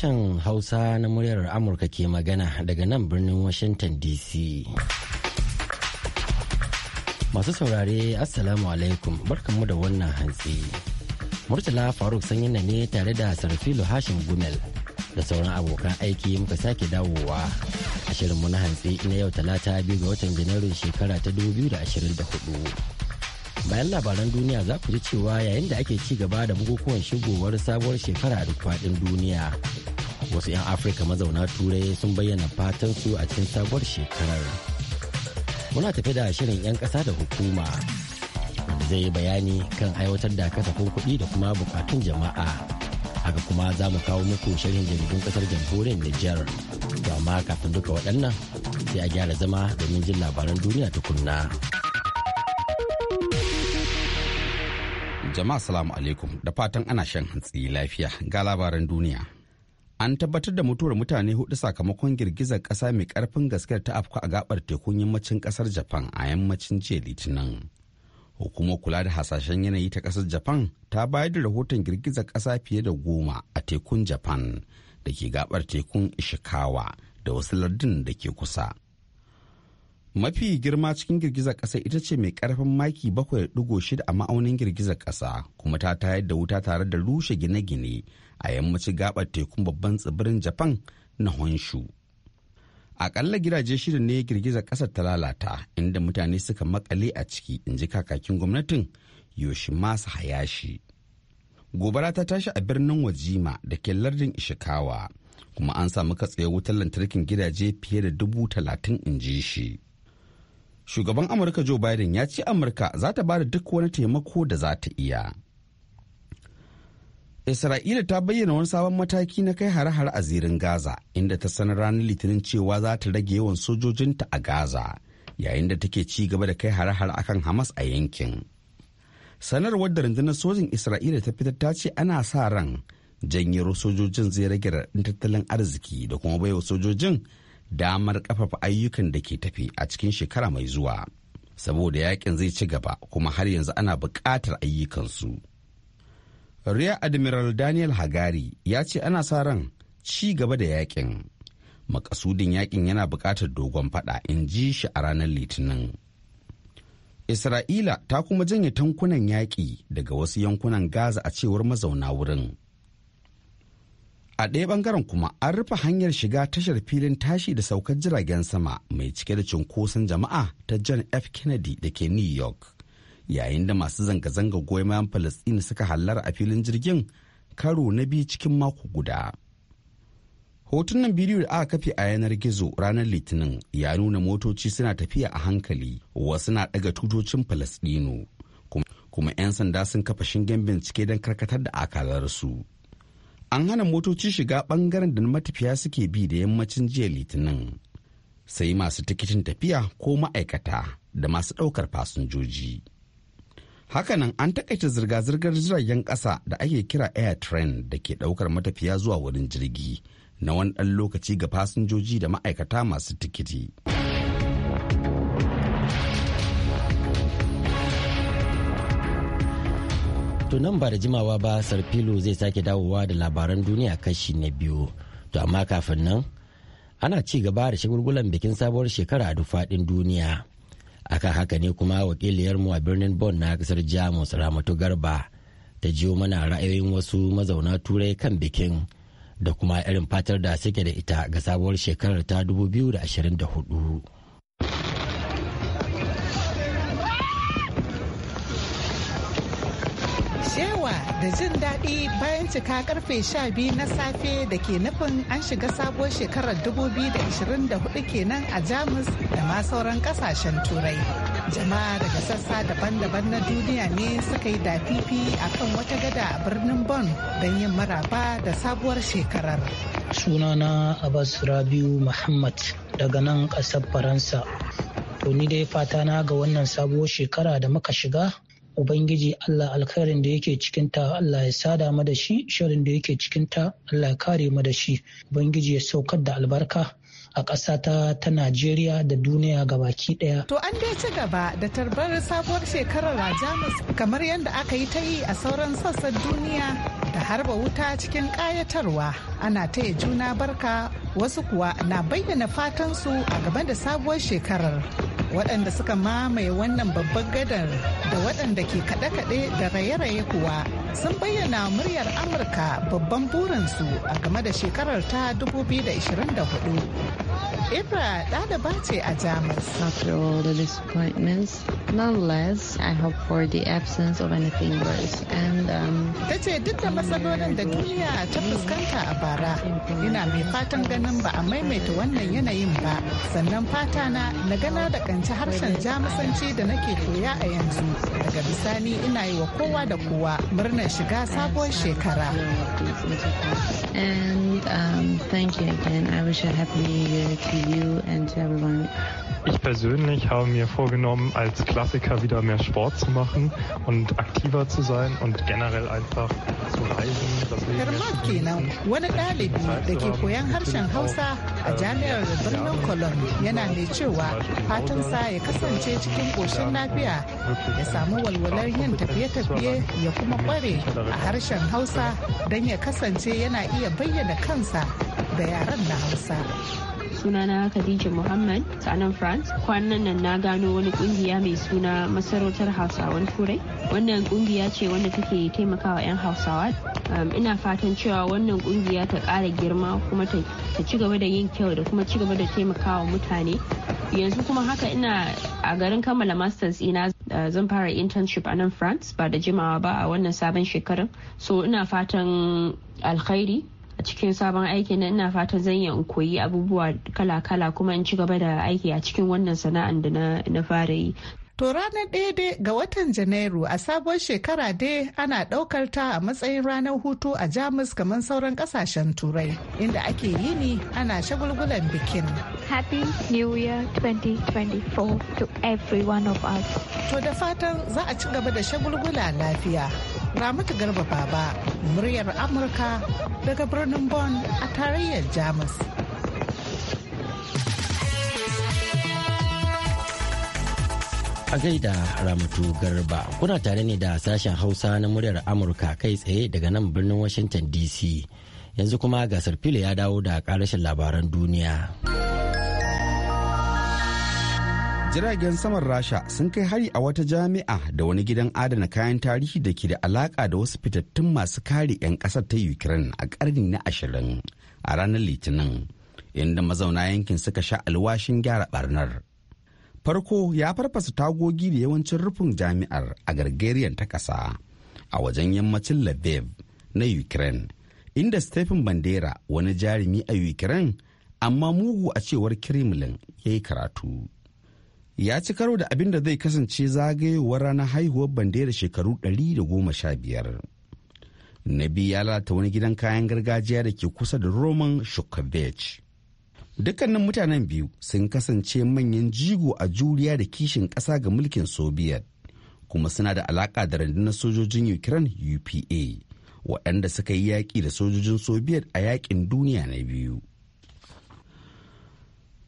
Sashen Hausa na muryar Amurka ke magana daga nan birnin Washington DC. Masu saurare Assalamu alaikum barkanmu da wannan hantsi. Murtala Faruk sanyi na ne tare da Sarfilo Hashim Gumel da sauran abokan aiki muka sake dawowa a shirinmu na hantsi na yau talata biyu ga watan Janairun shekara ta 2024. bayan labaran duniya za ku ji cewa yayin da ake ci gaba da bukukuwan shigowar sabuwar shekara da faɗin duniya wasu 'yan afirka mazauna turai sun bayyana fatan su a cikin sabuwar shekarar muna tafi da shirin 'yan ƙasa da hukuma zai yi bayani kan aiwatar da kasafin kuɗi da kuma bukatun jama'a haka kuma za mu kawo muku shirin jaridun ƙasar jamhuriyar nijar to amma kafin duka waɗannan sai a gyara zama domin jin labaran duniya tukunna. Jama'a salamu alaikum da fatan ana shan hantsi lafiya ga labaran duniya. An tabbatar da mutuwar mutane hudu sakamakon girgizar ƙasa mai karfin gaskiyar ta afka a gabar tekun yammacin kasar Japan a yammacin jiya Litinin. Hukumar kula da hasashen yanayi ta kasar Japan ta bayar da rahoton girgizar ƙasa fiye da goma a tekun Japan da ke gabar tekun Ishikawa da wasu lardin da ke kusa. mafi girma cikin girgizar ƙasa ita ce mai karfin maki 7.6 a ma'aunin girgizar ƙasa kuma ta tayar da wuta tare da rushe gine-gine a yammacin gabar tekun babban tsibirin japan na honshu akalla gidaje shida ne girgizar ƙasa ta lalata inda mutane suka makale a ciki in ji kakakin gwamnatin yoshimasa hayashi gobara ta tashi a birnin wajima da ke lardin ishikawa kuma an samu katsaye wutar lantarkin gidaje fiye da dubu talatin in ji shi shugaban amurka joe biden ya ce amurka za ta ba da duk wani taimako da za ta iya isra'ila ta bayyana wani sabon mataki na kai hare-hare a zirin gaza inda ta sanar ranar litinin cewa za ta rage yawan sojojinta a gaza yayin da take ci gaba da kai hare-hare akan hamas a yankin sanarwar da rundunar sojin isra'ila ta fitar ta ce ana sa ran janyero sojojin zai rage raɗin tattalin arziki da kuma baiwa sojojin damar ƙafafa ayyukan da ke tafi a cikin shekara mai zuwa saboda yakin zai ci gaba kuma har yanzu ana buƙatar ayyukansu. Rear Admiral Daniel Hagari ya ce ana sa ran ci gaba da yakin. Makasudin yakin yana buƙatar dogon fada in ji shi a ranar Litinin. Isra'ila ta kuma janye tankunan yaƙi daga wasu yankunan Gaza a cewar mazauna wurin. a ɗaya bangaren kuma an rufe hanyar shiga tashar filin tashi da saukar jiragen sama mai cike da cunkoson jama'a ta john f kennedy da ke new york yayin da masu zanga-zanga goyon bayan suka hallara a filin jirgin karo na biyu cikin mako guda hotunan bidiyo da aka kafe a yanar gizo ranar litinin ya nuna motoci suna tafiya a hankali wasu na ɗaga tutocin falasɗinu kuma 'yan sanda sun kafa shingen bincike don karkatar da akalarsu. an hana motoci shiga bangaren da matafiya suke bi da yammacin jiya litinin sai masu tikitin tafiya ko ma'aikata da masu ɗaukar fasinjoji hakanan an takaita zirga-zirgar jiragen ƙasa da ake kira air train da ke ɗaukar matafiya zuwa wurin jirgi na wani ɗan lokaci ga fasinjoji da ma'aikata masu tikiti. To nan ba da jimawa ba Sarfilo zai sake dawowa da labaran duniya kashi na biyu. To amma kafin nan ana ci gaba da shagulgulan bikin sabuwar shekara a duk duniya. Akan haka ne kuma wakiliyar mu a birnin Bonn na kasar Jamus Ramatu Garba ta jiyo mana ra'ayoyin wasu mazauna turai kan bikin da kuma irin fatar da suke da ita ga sabuwar shekarar ta hudu. da jin daɗi bayan cika karfe 12 na safe da ke nufin an shiga sabuwar shekarar 2024 kenan a jamus da ma sauran kasashen turai jama'a daga sassa daban-daban na duniya ne suka yi dafifi a kan wata gada a birnin bon don yin maraba da sabuwar shekarar sunana abbas rabiu muhammad daga nan ƙasar faransa to ni dai fata na ga wannan sabuwar shekara da muka shiga ubangiji allah alkhairin da yake cikin ta allah ya sada mu da shi shirin da yake cikin ta allah ya kare mu da shi ubangiji ya saukar da albarka a ƙasa ta ta Najeriya da duniya ga baki ɗaya. To an dai ci gaba da tarbar sabuwar shekarar a Jamus kamar yadda aka yi ta yi a sauran sassan duniya da harba wuta cikin ƙayatarwa ana taya juna barka wasu kuwa na bayyana fatan su a gaban da sabuwar shekarar. waɗanda suka mamaye wannan babban gadar da waɗanda ke kaɗe-kaɗe da raye-raye kuwa sun bayyana muryar amurka babban burinsu a game da shekarar ta 2024 Ibra daliba ce a Jamus. After all the disappointments, nonetheless, I hope for the absence of anything worse. And um, duk da matsalolin da duniya ta fuskanta a bara, ina mai fatan ganin ba a maimaita wannan yanayin ba. Sannan fata na na gana da kanci harshen Jamusanci da nake koya a yanzu. Daga bisani ina yi wa kowa da kowa murnar shiga sabuwar shekara. And um, thank you again. I wish a happy new year to you and to everyone. Ich persönlich habe mir vorgenommen, als Klassiker wieder mehr Sport zu machen und aktiver zu sein und generell einfach zu reisen. Das Leben kenan wani ɗalibi da ke koyan harshen Hausa a jami'ar birnin Cologne yana mai cewa fatansa ya kasance cikin ƙoshin lafiya ya samu Hausa don ya kasance yana kansa da yaren sunana Khadija Muhammad ta nan France. Kwanan nan na gano wani kungiya mai suna masarautar Hausawan Turai. Wannan kungiya ce wanda take taimakawa 'yan Hausawa. Um, ina fatan cewa wannan kungiya ta ƙara girma kuma ta ci gaba da yin kyau da kuma ci gaba da taimakawa mutane. Yanzu kuma haka ina a garin kammala masters ina uh, zan fara internship a nan France ba da jimawa ba a wannan sabon shekarun. So ina fatan alkhairi a cikin sabon aiki na ina fatan zan yi in koyi abubuwa kala-kala kuma in ci gaba da aiki a cikin wannan sana'an da na fara yi To ranar ɗaya dai ga watan Janairu a sabon shekara dai ana ɗaukar ta a matsayin ranar hutu a Jamus kamar sauran kasashen Turai inda ake yini ana shagulgulan bikin. Happy New Year 2024 to every of us. To da fatan za a ci gaba da shagulgula lafiya. Ramatu Garba Baba, muryar Amurka daga birnin Bonn a tarayyar Jamus. A gaida Ramatu Garba, kuna tare ne da sashen Hausa na muryar Amurka kai tsaye daga nan birnin Washington DC. Yanzu kuma gasar filo ya dawo da karashin labaran duniya. Jiragen saman Rasha sun kai hari a wata jami'a da wani gidan adana kayan tarihi da ke da alaka da wasu fitattun masu kare 'yan kasar ta Ukraine a karni na ashirin a ranar Litinin, inda mazauna yankin suka sha alwashin gyara barnar. Farko ya farfasa tagogi da yawancin rufin jami'ar a Gargariyar ta ƙasa a wajen yammacin Lviv na Ukraine, inda Stephen Bandera wani jarumi a Ukraine amma mugu a cewar Kremlin ya yi karatu. ya ci karo da abin da zai kasance zagayowar ranar haihuwar bandera shekaru 115 na biyu ya lalata wani gidan kayan gargajiya da ke kusa da roman shukovich dukkanin mutanen biyu sun kasance manyan jigo a juriya da kishin ƙasa ga mulkin soviet kuma suna da alaƙa da rundunar sojojin ukraine upa waɗanda suka yi yaƙi da sojojin soviet a yaƙin duniya na biyu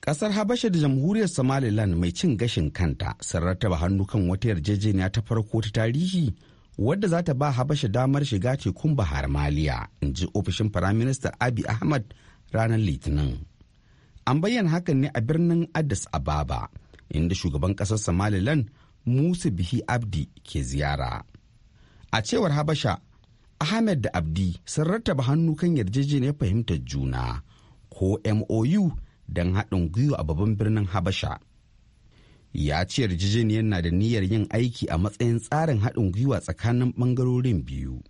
Kasar Habasha da Jamhuriyar Somaliland mai cin gashin kanta sun rattaba hannu kan wata yarjejeniya ta farko ta tarihi wadda za ta ba Habasha damar shiga tekun Bahar Maliya, in ji ofishin Firaminista Abi Ahmad ranar Litinin. An bayyana hakan ne a birnin Addis Ababa, inda shugaban kasar Somaliland Musa Bihi Abdi ke ziyara. A cewar Habasha, Ahmed da Abdi sun rattaba hannu kan yarjejeniyar fahimtar juna ko MOU don haɗin gwiwa a babban birnin habasha ya ce yarjejeniyar na da niyyar yin aiki a matsayin tsarin haɗin gwiwa tsakanin ɓangarorin biyu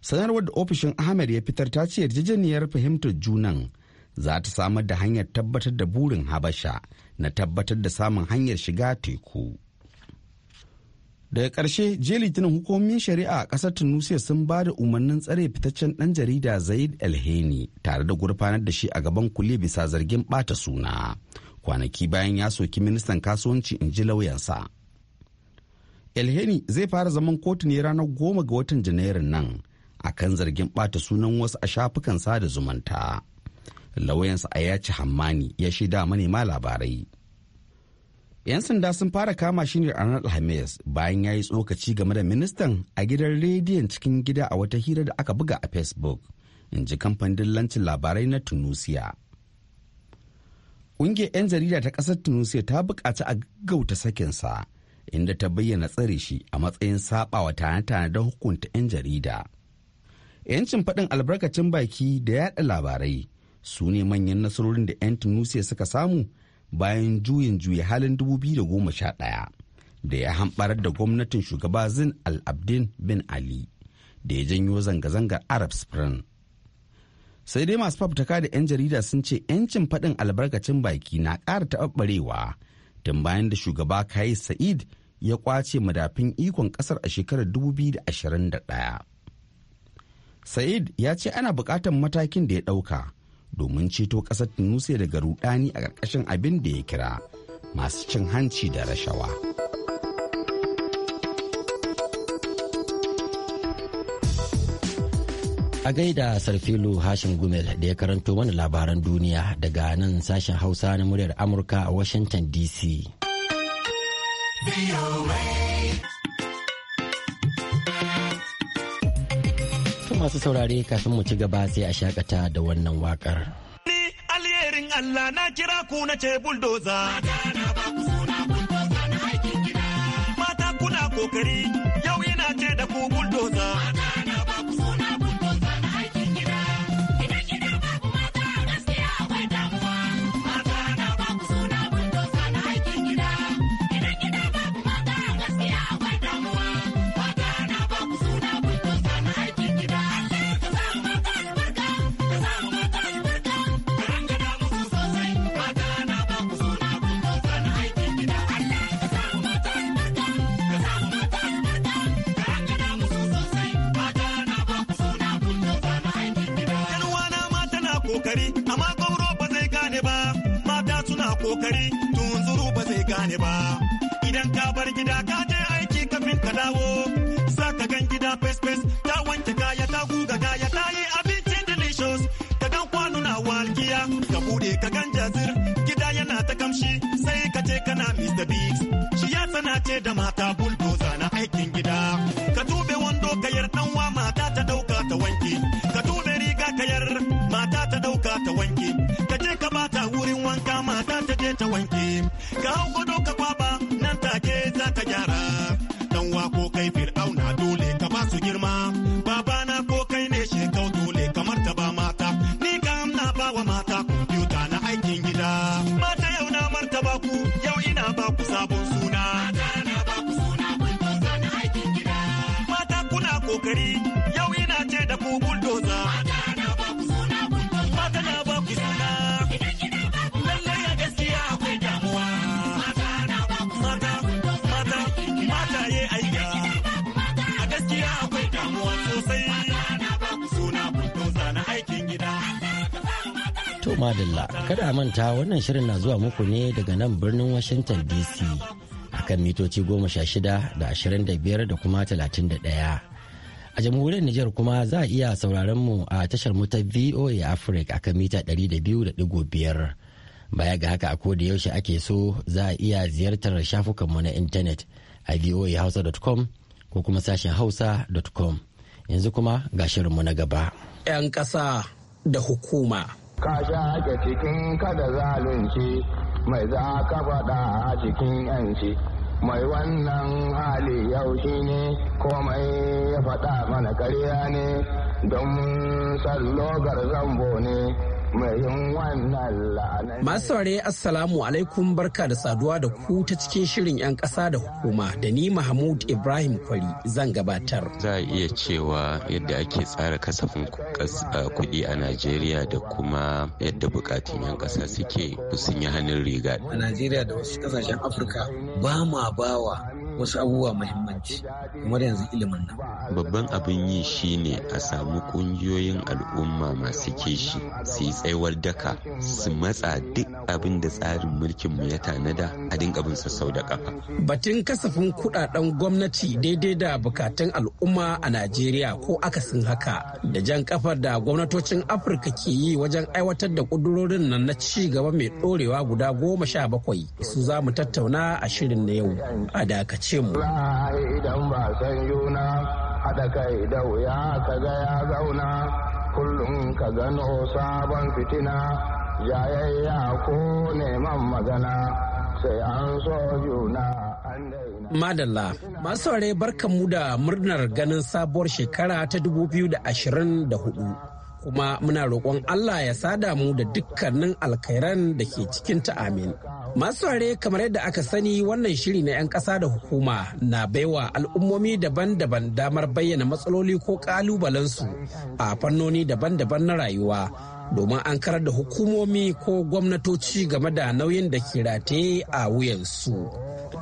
sanarwar da ofishin ahmed ya fitar ta ce yarjejeniyar fahimtar junan za ta samar da hanyar tabbatar da burin habasha na tabbatar da samun hanyar shiga teku daga ƙarshe jiya litinin hukumomin shari'a a ƙasar tunisia sun ba da umarnin tsare fitaccen ɗan jarida zaid alheni tare da gurfanar da shi a gaban kule bisa zargin ɓata suna kwanaki bayan ya soki ministan kasuwanci in ji lauyansa alheni zai fara zaman kotu ne ranar goma ga watan janairun nan akan zargin ɓata sunan wasu a shafukan sada zumunta lauyansa a yaci hammani ya shaida manema labarai 'yan sanda sun fara kama shi ne ranar alhamis bayan ya yi tsokaci game da ministan a gidan rediyon cikin gida a wata hira da aka buga a facebook in ji kamfanin lancin labarai na tunisia ƙungiyar 'yan jarida ta ƙasar tunisia ta buƙaci a gaggauta sakinsa inda ta bayyana tsare shi a matsayin saɓawa tane-tane don hukunta 'yan jarida 'yancin faɗin albarkacin baki da yaɗa labarai su ne manyan nasarorin da 'yan tunisia suka samu bayan juyin juya halin 2011 da ya hamɓarar da gwamnatin shugaba zin al-abdin bin ali da ya janyo zanga-zangar arab spring sai dai masu fafutuka da 'yan jarida sun ce 'yancin faɗin albarkacin baki na ƙara taɓaɓɓarewa tun bayan da shugaba kayi sa'id ya kwace madafin ikon ƙasar a shekarar 2021 sa'id ya ce ana bukatar matakin da ya ɗauka domin ceto ƙasar Tunusia daga rudani a ƙarƙashin abin da ya kira masu cin hanci da rashawa. A gaida Sarfilu Hashim Gumel da ya karanto mana labaran duniya daga nan sashen Hausa na muryar Amurka a Washington DC. masu saurare kafin mu ci gaba sai a shakata da wannan wakar. Ni alherin Allah na kira ku na ce buldoza. Mata kuna kokari yau ina ce da ku buldoza. kokari amma gauro ba zai gane ba mata suna kokari tunzuru ba zai gane ba idan ka bar gida ka je aiki kafin ka dawo za ka gan gida pes pes ta wanke kaya ta guga kaya ta yi abincin delicious ka gan kwano na walgiya ka bude ka gan jazir gida yana ta kamshi sai ka ce kana Mr. Biggs shi ya sana ce da mata bulldozer na aikin gida. ka hau gado ka kwaba nan take za ka gyara dan wako kai fir'auna dole ka ba su girma babana ko kai ne shekau dole kamar ta ba mata ni ka na ba wa mata kwamfuta na aikin gida mata yau na martaba ku yau ina ba ku sabon suna kokari yau ina ce da ku Madalla, kada a manta wannan shirin na zuwa muku ne daga nan birnin Washington DC akan mitoci goma sha shida da ashirin da biyar da kuma talatin da ɗaya. A jamhuriyar Nijar kuma za a iya sauraron mu a tashar mu ta VOA Africa akan mita ɗari da biyu da ɗigo biyar. Baya ga haka a da yaushe ake so za a iya ziyartar shafukan mu na intanet a voahausa.com ko kuma sashen hausa.com. Yanzu kuma ga shirinmu na gaba. 'Yan ƙasa da hukuma. ka shaƙe cikin kada zalunci mai za ka faɗa a cikin yanci mai wannan hali yau shi ne komai ya faɗa mana karya ne don sallogar zambo ne Masu saurare Assalamu alaikum barka da saduwa da ku ta cikin shirin 'yan ƙasa da hukuma da ni Mahmud Ibrahim Kwari zan gabatar. Za a iya cewa yadda ake tsara kasafin kuɗi a Najeriya da kuma yadda bukatun 'yan ƙasa suke sun yi hannun riga. A Najeriya da wasu kasashen Afirka ba ma bawa wasu abubuwa muhimmanci kamar yanzu ilimin nan. Babban abin yi shine a samu kungiyoyin al'umma masu kishi su yi tsayuwar daka su matsa duk abin da tsarin mulkin mu ya tanada a dinga bin sau da kafa. Batun kasafin kudaden gwamnati daidai da bukatun al'umma a Najeriya ko akasin haka da jan kafar da gwamnatocin Afirka ke yi wajen aiwatar da kudurorin nan na ci gaba mai dorewa guda goma sha bakwai su za mu tattauna a shirin na yau a dakaci. ce mu idan ba san yuna haɗa kai da wuya ka ga ya zauna kullum ka gano sabon fitina jayayya ko neman magana sai an so juna Madalla, masu ware barkan mu da murnar ganin sabuwar shekara ta 2024. kuma muna roƙon Allah ya sada mu da dukkanin alkhairan da ke cikin ta amin. Masu ware kamar yadda aka sani wannan shiri na 'yan ƙasa da hukuma na baiwa al'ummomi daban-daban damar bayyana matsaloli ko ƙalubalensu a fannoni daban-daban na rayuwa. domin an karar da hukumomi ko gwamnatoci game da nauyin da ke rataye a wuyansu.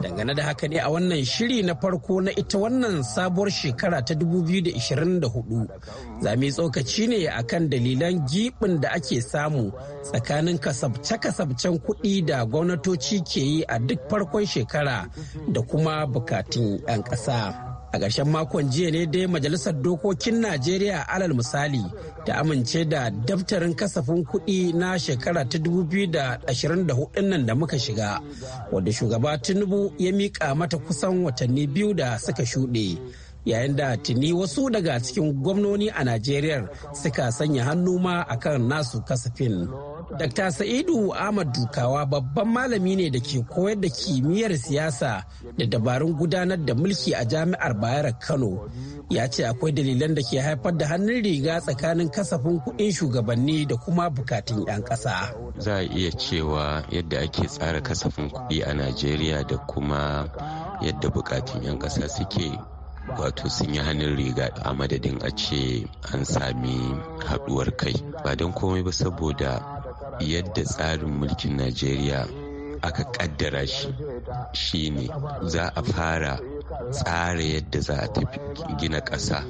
Dangane da haka ne a wannan shiri na farko na ita wannan sabuwar shekara ta 2024 zami tsokaci ne a kan dalilan gibin da ake samu tsakanin kasabce-kasabcen kuɗi da gwamnatoci ke yi a duk farkon shekara da kuma bukatun 'yan ƙasa. a ƙarshen makon jiya ne dai majalisar dokokin najeriya alal misali ta amince da daftarin kasafin kuɗi na shekara ta 2024 nan da muka shiga wadda shugaba tinubu ya miƙa mata kusan watanni biyu da suka shuɗe yayin da tuni wasu daga cikin gwamnoni a najeriya suka sanya hannu ma akan nasu kasafin. Dr. Sa'idu Ahmad Dukawa babban malami ne da ke koyar da kimiyyar siyasa da dabarun gudanar da mulki a jami'ar Bayar Kano. Ya ce akwai dalilan da ke haifar da hannun riga tsakanin kasafin kuɗin shugabanni da kuma bukatun 'yan ƙasa. Za a iya cewa yadda ake tsara kasafin kuɗi a Najeriya da kuma yadda bukatun 'yan ƙasa suke wato sun yi hannun riga a madadin a ce an sami haɗuwar kai ba don komai ba saboda yadda tsarin mulkin najeriya aka kaddara shi shine za a fara tsara yadda za a tafi gina ƙasa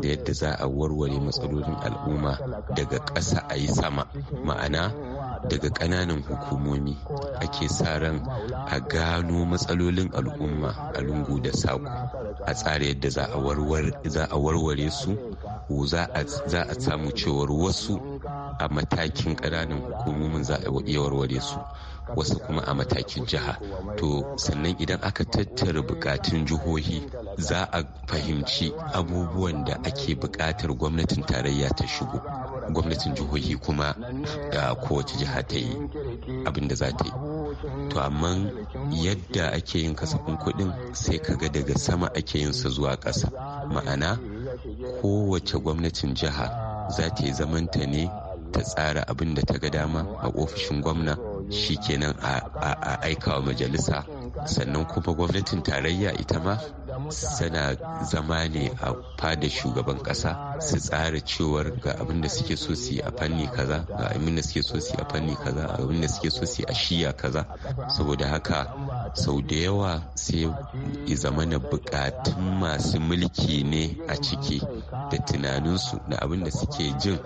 da yadda za a warware matsalolin al'umma daga ƙasa a yi sama ma'ana daga ƙananan hukumomi ake sa ran a gano matsalolin al'umma a lungu da saƙo a tsara yadda za a warware su za a samu cewar wasu a matakin ƙananan hukumomin za a iya warware su wasu kuma a matakin jiha to sannan idan aka tattara bukatun jihohi za a fahimci abubuwan da ake bukatar gwamnatin tarayya ta shigo gwamnatin jihohi kuma da kowace jiha ta yi abin da za ta yi to amma yadda ake yin kasafin kuɗin sai kaga daga sama ake yin sa zuwa ƙasa ma'ana kowace gwamnatin jiha za ta yi zamanta ne ta tsara abin da ta ga dama a ofishin gwamna shi kenan a aikawa majalisa sannan kuma gwamnatin tarayya ita ma sana zama ne a fada shugaban kasa su tsara cewar ga abin da suke so su yi a fanni kaza ga abin da suke so su yi a fanni kaza ga abin da suke so su yi a shiya kaza saboda haka sau da yawa sai i zama na bukatun masu mulki ne a ciki da tunaninsu da abin da suke jin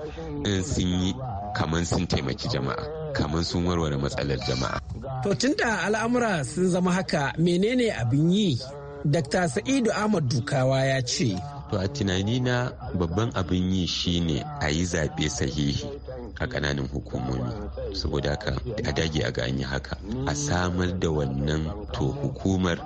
in sun yi kamar sun taimaki jama'a kamar sun warware matsalar jama'a. To tunda al'amura sun zama haka menene abin yi Dr. Sa'idu Ahmad Dukawa ya ce. To a tunanina babban abin yi shine a yi zaɓe sahihi a ƙananan hukumomi. Saboda haka a dage a ganye haka a samar da wannan to hukumar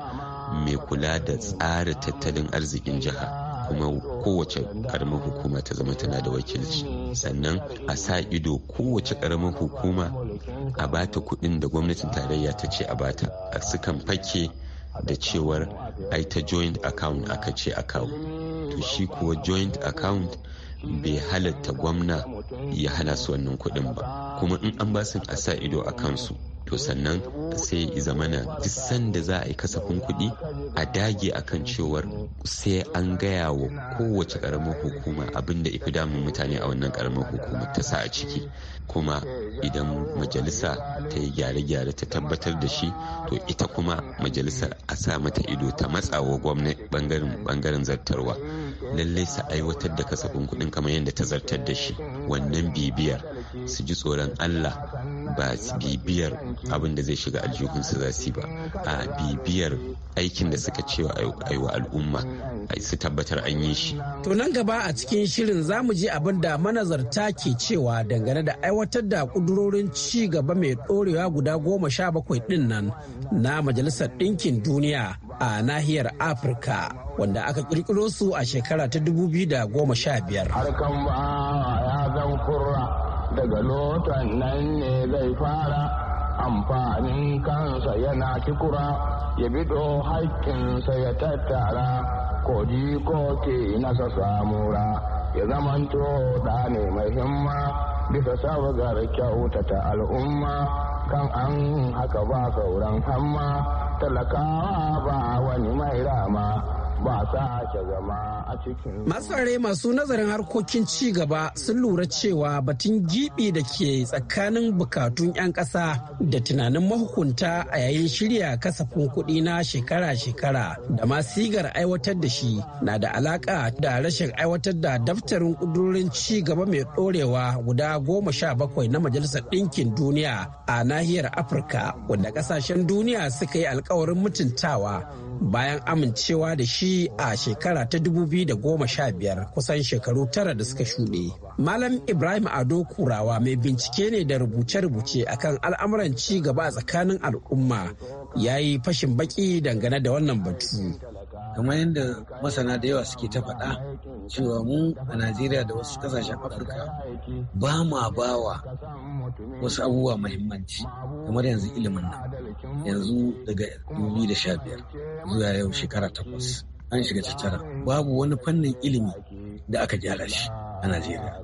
mai kula da tsara tattalin arzikin jiha. kuma kowace karamar hukuma ta zama tana da wakilci sannan a sa ido kowace karamar hukuma a bata kudin da gwamnatin tarayya ta ce a bata a sukan fake da cewar ai ta joint account aka ce account to shi kuwa joint account bai halatta gwamna ya hana su wannan kuɗin ba kuma in an ba su a sa ido a kansu to sannan sai zama na duk sanda za a yi kasafin kuɗi a dage a kan cewar sai an gaya wa kowace ƙaramar hukuma abinda ifi damun mutane a wannan ƙaramar hukuma ta sa a ciki kuma idan majalisa ta yi gyare-gyare ta tabbatar da shi to ita kuma majalisar a sa mata ido ta matsawa gwamnati bangaren bangaren zartarwa lallai su aiwatar da kasafin kuɗin kamar yadda ta zartar da shi wannan bibiyar su ji tsoron allah ba bibiyar abinda zai shiga aljihunsu za su ba a bibiyar aikin da suka ce wa al'umma su tabbatar an yi shi to nan gaba a cikin shirin za mu je abin da manazarta ke cewa dangane da aiwatar aiwatar da kudurorin ci gaba mai ɗorewa guda goma sha bakwai din nan na Majalisar Ɗinkin Duniya a nahiyar Afirka wanda aka kirkiro su a shekara ta 2015. Harkan ba ya zan kurra daga lotan nan ne zai fara amfanin kansa yana kikura ya bido haƙƙinsa ya tattara ko ke nasa samura. ya zamanto da ne mai himma bisa kyauta ta al'umma kan an haka ba sauran hamma talakawa ba wani mai rama ba sa ake zama a cikin masu masu nazarin harkokin ci gaba sun lura cewa batun gibi da ke tsakanin bukatun 'yan ƙasa da tunanin mahukunta a yayin shirya kasafin kuɗi na shekara-shekara da ma sigar aiwatar da shi na da alaka da rashin aiwatar da daftarin ƙudurin ci gaba mai ɗorewa guda goma sha bakwai na majalisar ɗinkin duniya a nahiyar afirka wanda ƙasashen duniya suka yi alkawarin mutuntawa bayan amincewa da shi a shekara ta 2015 kusan shekaru tara da suka shuɗe. Malam Ibrahim Ado Kurawa mai bincike ne da rubuce-rubuce akan al'amuran ci gaba a tsakanin al'umma ya yi fashin baki dangane da wannan batu. kamar yadda masana da yawa suke ta faɗa cewa mu a najeriya da wasu kasashen afirka ba ma bawa wasu abubuwa mahimmanci kamar yanzu ilimin nan yanzu daga 2015 zuwa yau shekara takwas an shiga tattara babu wani fannin ilimi da aka gyara shi a najeriya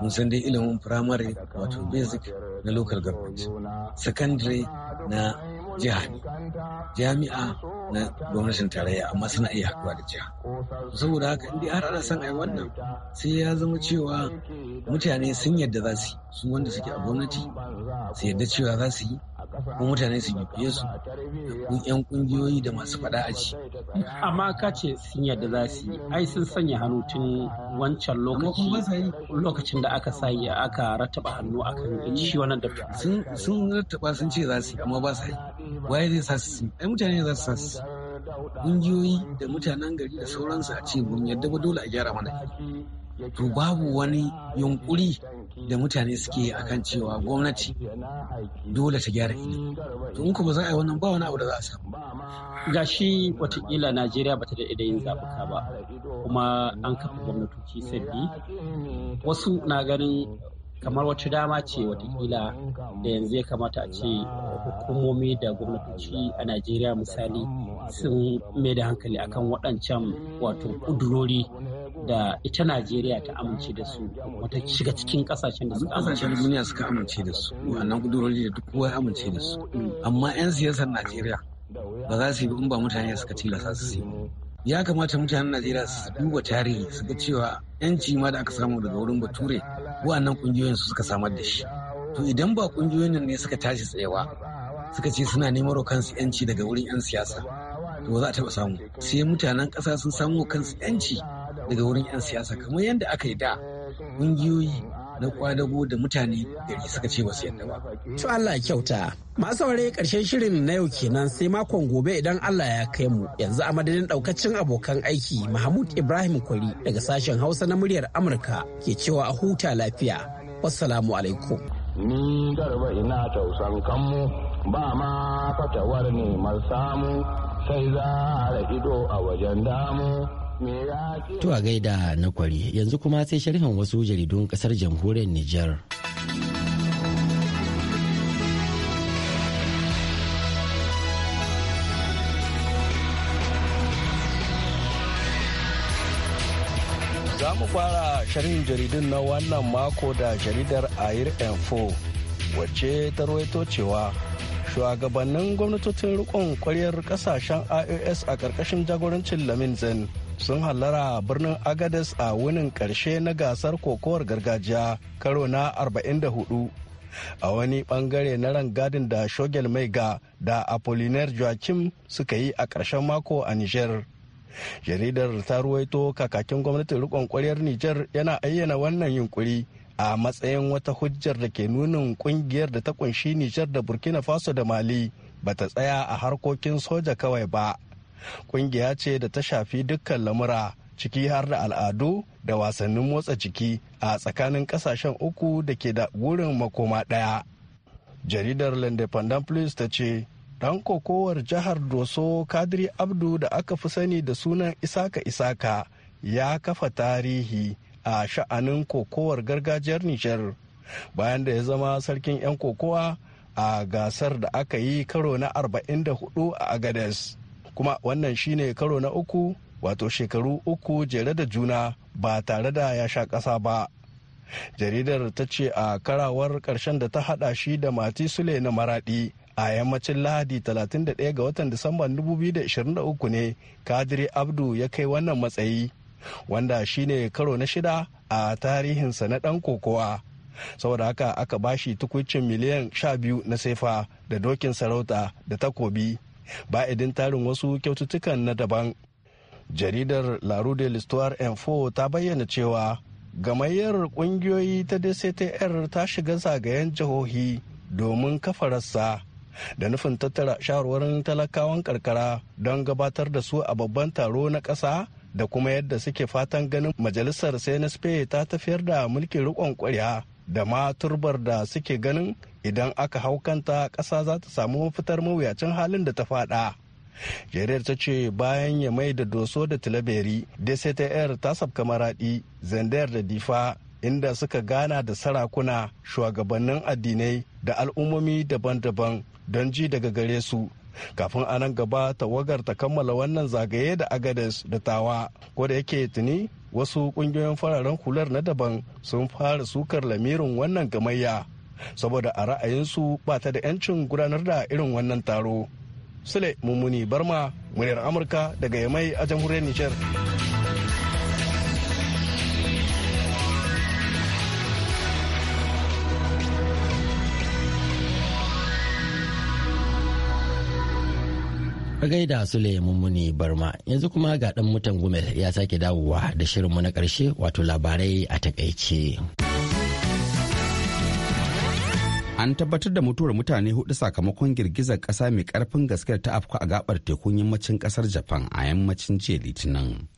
mun san dai ilimin firamare wato basic na local government secondary na jiha jami'a na gwamnatin tarayya amma suna iya haɗuwa da jiha saboda haka inda har ana son ai wannan sai ya zama cewa mutane sun yadda za su yi su wanda suke a gwamnati su yadda cewa za su yi ko mutane su bibiye su yan kungiyoyi da masu faɗa a ci. Amma ka ce sun yadda za su yi, ai sun sanya hannu tun wancan lokaci lokacin da aka sayi aka rattaba hannu akan shi wannan da sun rattaba sun ce za su yi amma ba su yi. Waye zai sa su ai mutane za su sa su. Kungiyoyi da mutanen gari da sauransu a ce mun yadda ba dole a gyara mana. To babu wani yunkuri da mutane suke akan cewa gwamnati dole ta gyara ilimi to in ba za a yi wannan ba wani abu da za a samu ga shi watakila najeriya bata da idayin zabuka ba kuma an kafa gwamnatoci sabbi wasu na ganin kamar wata dama ce watakila da yanzu ya kamata a ce hukumomi da gwamnatoci a najeriya misali sun mai da hankali akan waɗancan wato ƙudurori da ita Najeriya ta amince da su wata shiga cikin kasashen da suka amince da duniya suka amince da su wannan kudurori da duk kowa ya amince da su amma 'yan siyasar Najeriya ba za su yi in ba mutane suka tilasta su yi ya kamata mutanen najeriya su duba tarihi su ga cewa yanci ma da aka samu daga wurin bature wa'annan kungiyoyin su suka samar da shi to idan ba kungiyoyin nan ne suka tashi tsayawa suka ce suna neman kansu yanci daga wurin yan siyasa to za a taba samu sai mutanen kasa sun samu kansu yanci daga wurin 'yan siyasa kamar yadda aka yi da ƙungiyoyi na kwadago da mutane gari suka ce ba su yadda ba. To Allah kyauta. Masu saurare karshen shirin na yau kenan sai makon gobe idan Allah ya kai mu. Yanzu a madadin ɗaukacin abokan aiki Mahmud Ibrahim Kwari daga sashen Hausa na muryar Amurka ke cewa a huta lafiya. Wassalamu alaikum. Ni garba ina tausan kanmu ba ma fatawar neman samu sai za a ido a wajen damu. To a gaida na kwari yanzu kuma sai sharhin wasu jaridun kasar jamhuriyar Nijar. Za mu fara sharhin jaridun na wannan mako da jaridar Air Info wacce ta rawaito cewa shugabannin gwamnatocin rikon kwaryar kasashen IOS a ƙarƙashin jagorancin Lamin Zen sun hallara birnin agadas a wunin karshe na gasar kokowar gargajiya karo na 44. A wani bangare na rangadin da Shogel Maiga da Apollinaire Joachim suka yi a karshen mako a niger Jaridar ta ruwaito kakakin gwamnatin rikon kwaryar niger yana ayyana wannan yunkuri a matsayin wata hujjar da ke nunin kungiyar da ta kunshi Nijar da Burkina Faso da Mali bata tsaya a harkokin soja kawai ba. Kungiya ce da ta shafi dukkan lamura ciki har da al'adu da wasannin motsa jiki a tsakanin kasashen uku da ke da wurin makoma daya. Jaridar L'Independent Police ta ce ɗan kokowar jihar Doso Kadri Abdu da aka fi sani da sunan Isaka Isaka ya kafa tarihi a sha'anin kokowar gargajiyar Nijar bayan da ya zama sarkin 'yan kokowa a gasar da aka yi karo na 44 a Agades. kuma wannan shine karo na uku wato shekaru uku jere da juna ba tare da ya sha ƙasa ba jaridar ta ce a karawar karshen da ta hada shi da mati sule na maradi a yammacin lahadi 31 ga watan disamban 2023 ne kadiri abdu ya kai wannan matsayi wanda shine karo na shida a tarihinsa na dan kokowa saboda haka aka bashi tukucin miliyan 12 na sefa da dokin sarauta da takobi ba idin tarin wasu kyaututtukan na daban jaridar la rue de l'histoire info ta bayyana cewa gamayyar kungiyoyi ta dctr ta shiga zagayen jihohi domin kafararsa da nufin tattara shawarwarin talakawan karkara don gabatar da su a babban taro na ƙasa da kuma yadda suke fatan ganin majalisar cnsp ta tafiyar da mulkin riƙon ƙwarya da ma turbar da suke ganin idan aka haukanta ƙasa za ta samu fitar mawuyacin halin da ta fada. jariyar ta ce bayan ya mai da doso da tilaberi dctr ta sabka maraɗi zandayar da difa inda suka gana da sarakuna shugabannin addinai da al'ummomi daban-daban don ji daga gare su kafin a nan gaba tawagar ta kammala wannan zagaye da agades da tawa ko da yake tuni wasu kungiyoyin fararen kular na daban sun fara sukar lamirin wannan gamayya saboda a ra'ayinsu ba ta da 'yancin gudanar da irin wannan taro sule mummuni barma muryar amurka daga yamai a jamhuriyar nijar A gaida Sule Mummuni Barma yanzu kuma ga dan mutan Gumel ya sake dawowa da shirinmu na karshe wato labarai a takaice. An tabbatar da mutuwar mutane hudu sakamakon girgizar ƙasa mai ƙarfin gaskiyar ta afka a gabar tekun yammacin ƙasar Japan a yammacin jiya Litinin.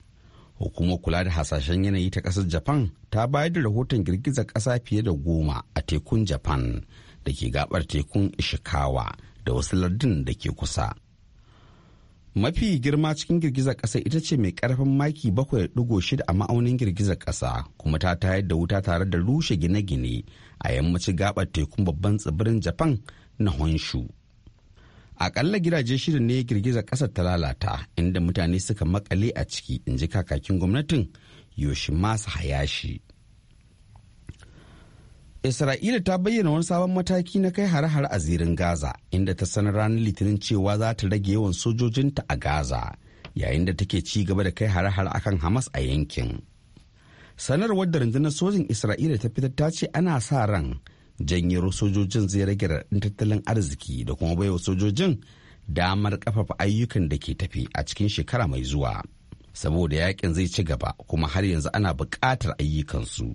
Hukumar kula da hasashen yanayi ta ƙasar Japan ta bayar da rahoton girgizar ƙasa fiye da goma a tekun Japan da ke gabar tekun Ishikawa da wasu lardin da ke kusa. mafi girma cikin girgizar ƙasa ita ce mai ƙarfin maki 7.6 a ma'aunin girgizar ƙasa kuma ta tayar da wuta tare da rushe gine-gine a yammacin gabar tekun babban tsibirin japan na honshu akalla gidaje shida ne girgizar ƙasa ta lalata inda mutane suka makale a ciki in ji kakakin gwamnatin yoshimasa hayashi Isra'ila ta bayyana wani sabon mataki na kai hare-hare a zirin Gaza, inda ta sanar ranar Litinin cewa za ta rage yawan sojojinta a Gaza, yayin da take ci gaba da kai hare-hare akan Hamas a yankin. Sanarwar da rundunar sojin Isra'ila ta fitar ta ce ana sa ran janyero sojojin zai rage raɗin tattalin arziki da kuma baiwa sojojin damar kafafa ayyukan da ke tafi a cikin shekara mai zuwa. Saboda yakin zai ci gaba kuma har yanzu ana bukatar ayyukansu. su.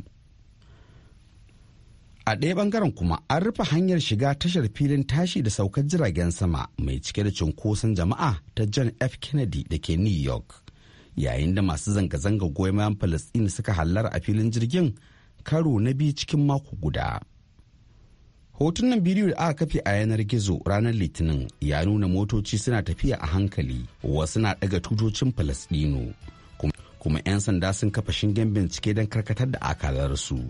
a ɗaya bangaren kuma an rufe hanyar shiga tashar filin tashi da saukar jiragen sama mai cike da cunkoson jama'a ta john f kennedy da ke new york yayin da masu zanga-zanga goyon bayan suka hallara a filin jirgin karo na biyu cikin mako guda hotunan bidiyo da aka kafe a yanar gizo ranar litinin ya nuna motoci suna tafiya a hankali wasu na daga tutocin palestino kuma 'yan sanda sun kafa shingen bincike don karkatar da akalarsu.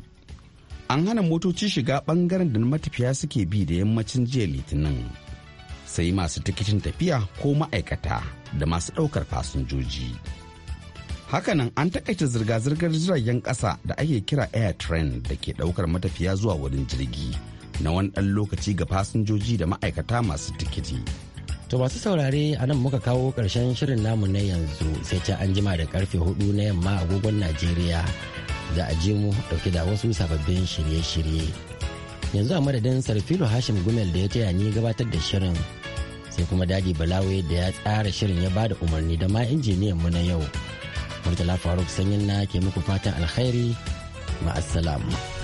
an hana motoci shiga bangaren da matafiya suke bi da yammacin jiya litinin sai masu tikitin tafiya ko ma'aikata da masu ɗaukar fasinjoji hakanan an takaita zirga-zirgar jiragen ƙasa da ake kira air train da ke ɗaukar matafiya zuwa wurin jirgi na wani ɗan lokaci ga fasinjoji da ma'aikata masu tikiti To masu saurare a nan muka kawo ƙarshen shirin namu na yanzu sai ta an jima da karfe hudu na yamma agogon Najeriya za a je mu dauke da wasu sababbin shirye-shirye yanzu a madadin sarfilo hashim gumel da ya taya ni gabatar da shirin sai kuma dadi balawe da ya tsara shirin ya bada umarni da ma injiniyan mu na yau murtala faruk sanyin na ke muku fatan alkhairi ma'assalamu